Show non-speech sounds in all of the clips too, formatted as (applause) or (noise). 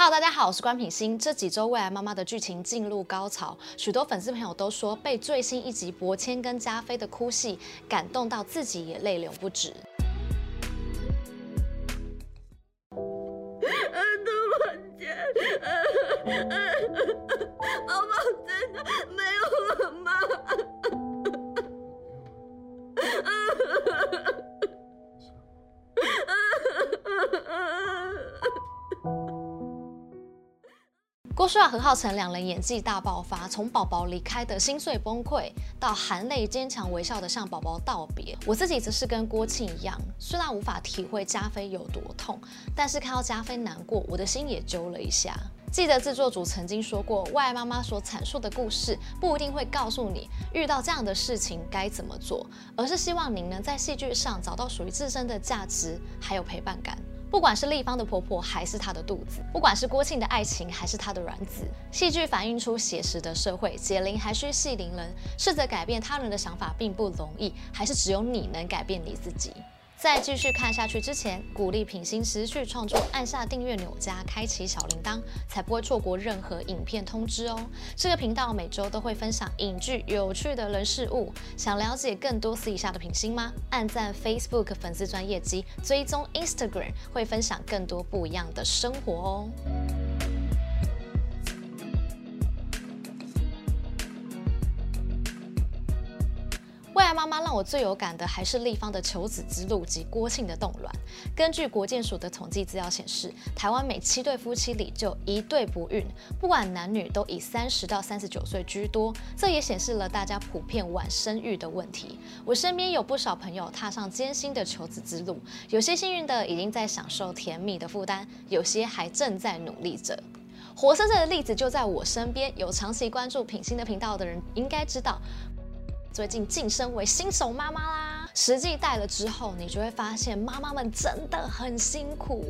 Hello，大家好，我是官品心。這幾周《未來媽媽》的劇情進入高潮，許多粉絲朋友都說被最新一集柏謙跟家妃的哭戲感動到，自己也淚流不止。 (noise) (noise) 郭書瑤、禾浩辰兩人演技大爆發，從寶寶離開的心碎崩潰，到含淚堅強微笑的向寶寶道別。我自己則是跟郭沁一樣，雖然無法體會家妃有多痛，但是看到家妃難過，我的心也揪了一下。記得製作組曾經說過，未來媽媽所闡述的故事不一定會告訴你遇到這樣的事情該怎麼做，而是希望您能在戲劇上找到屬於自身的價值，還有陪伴感。不管是立芳的婆婆，還是她的肚子；不管是郭沁的愛情，還是她的卵子。戲劇反映出寫實的社會。解鈴還須繫鈴人，試着改變他人的想法並不容易，還是只有你能改變你自己。在繼續看下去之前，鼓勵品心持續創作，按下訂閱鈕加開啟小鈴鐺，才不會錯過任何影片通知哦。這個頻道每週都會分享影劇有趣的人事物，想了解更多私底下的品心嗎？按讚 Facebook 粉絲專頁及追蹤 Instagram，會分享更多不一樣的生活哦。在媽媽讓我最有感的還是立芳的求子之路及郭沁的凍卵。根據國健署的統計資料顯示，台灣每七對夫妻裡就一對不孕，不管男女都以三十到三十九歲居多，這也顯示了大家普遍晚生育的問題。我身邊有不少朋友踏上艱辛的求子之路，有些幸運的已經在享受甜蜜的負擔，有些還正在努力着。活生生的例子就在我身邊，有長期關注品心的頻道的人應該知道。最近晉升為新手媽媽啦，實際帶了之後，你就會發現媽媽們真的很辛苦。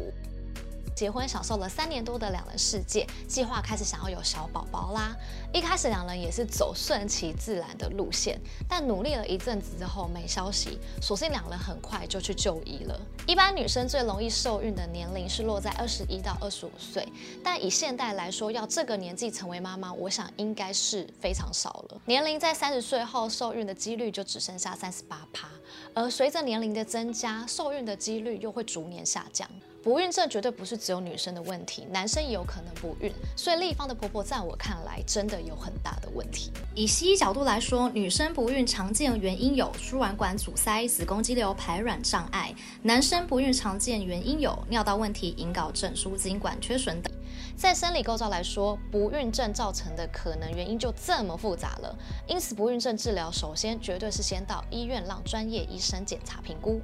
結婚享受了三年多的兩人世界，計劃開始想要有小寶寶啦。一開始兩人也是走順其自然的路線，但努力了一陣子之後沒消息，索性兩人很快就去就醫了。一般女生最容易受孕的年齡是落在二十一到二十五歲，但以現代來說，要這個年紀成為媽媽，我想應該是非常少了。年齡在三十歲後受孕的幾率就只剩下三十八趴。而隨着年齡的增加，受孕的幾率又會逐年下降。不孕症絕對不是只有女生的問題，男生也有可能不孕。所以立芳的婆婆在我看來真的有很大的問題。以西醫角度來說，女生不孕常見原因有輸卵管阻塞、子宮肌瘤、排卵障礙；男生不孕常見原因有尿道問題、隱睪症、輸精管缺損等。在生理構造來說，不孕症造成的可能原因就這麼複雜了。因此，不孕症治療首先絕對是先到醫院讓專業醫生檢查評估。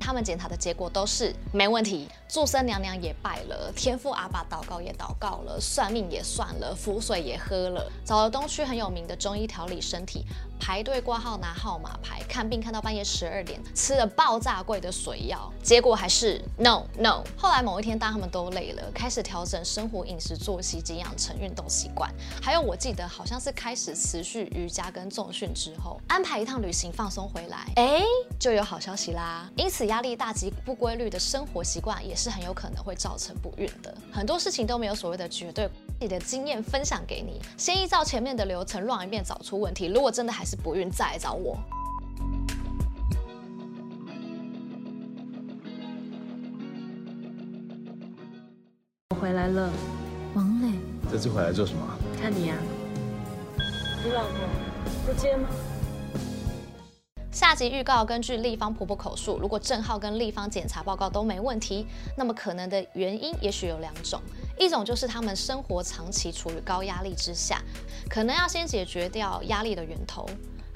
他們檢查的結果都是沒問題。祝生娘娘也拜了，天父阿爸禱告也禱告了，算命也算了，符水也喝了，找了東區很有名的中醫調理身體，排隊掛號拿號碼牌看病，看到半夜十二點，吃了爆炸貴的水藥，結果還是 no no。後來某一天，當他們都累了，開始調整生活飲食作息，及養成運動習慣，還有我記得好像是開始持續瑜伽跟重訓之後，安排一趟旅行放鬆回來，哎、欸，就有好消息啦。因此壓力大及不規律的生活習慣也。是很有可能會造成不孕的，很多事情都沒有所謂的絕對。自己的經驗分享給你，先依照前面的流程亂一遍找出問題。如果真的還是不孕，再來找我。我回來了，王磊，這次回來做什麼？看你呀、啊，你老婆不接嗎？下集預告：根據立芳婆婆口述，如果正浩跟立芳檢查報告都沒問題，那麼可能的原因也許有兩種，一種就是他們生活長期處於高壓力之下，可能要先解決掉壓力的源頭；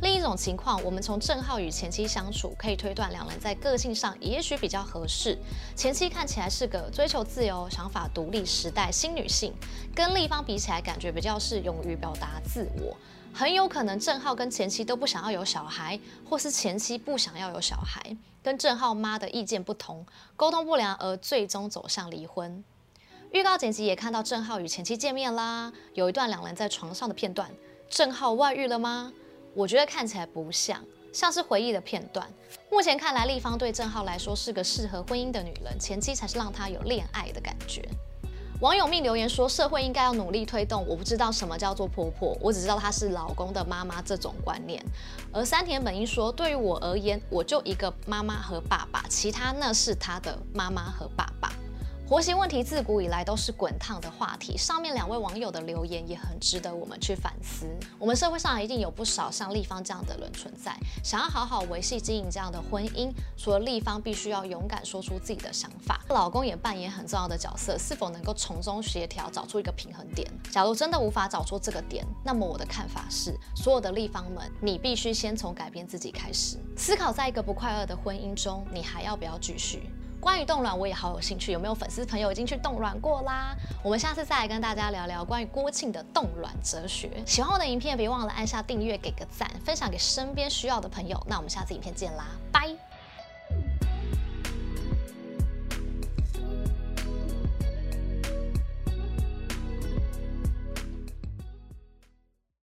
另一種情況，我們從正浩與前妻相處可以推斷，兩人在個性上也許比較合適。前妻看起來是個追求自由、想法獨立、時代新女性，跟立芳比起來，感覺比較是勇於表達自我。很有可能正浩跟前妻都不想要有小孩，或是前妻不想要有小孩，跟正浩媽的意見不同，溝通不良而最終走向離婚。預告剪輯也看到正浩與前妻見面啦，有一段兩人在床上的片段，正浩外遇了嗎？我覺得看起來不像，像是回憶的片段。目前看來，立芳對正浩來說是個適合婚姻的女人，前妻才是讓他有戀愛的感覺。網友命留言說：“社會應該要努力推動。”我不知道什麼叫做婆婆，我只知道她是老公的媽媽這種觀念。而三田本一說：“對於我而言，我就一個媽媽和爸爸，其他那是她的媽媽和爸爸。”婆媳問題自古以來都是滾燙的話題，上面兩位網友的留言也很值得我們去反思。我們社會上一定有不少像立芳這樣的人存在，想要好好維繫經營這樣的婚姻，除了立芳必須要勇敢說出自己的想法，老公也扮演很重要的角色，是否能夠從中協調，找出一個平衡點？假如真的無法找出這個點，那麼我的看法是，所有的立芳們，你必須先從改變自己開始，思考在一個不快樂的婚姻中，你還要不要繼續？關於凍卵，我也好有興趣。有沒有粉絲朋友已經去凍卵過啦？我們下次再來跟大家聊聊關於郭沁的凍卵哲學。喜歡我的影片，別忘了按下訂閱，給個讚，分享給身邊需要的朋友。那我們下次影片見啦，拜。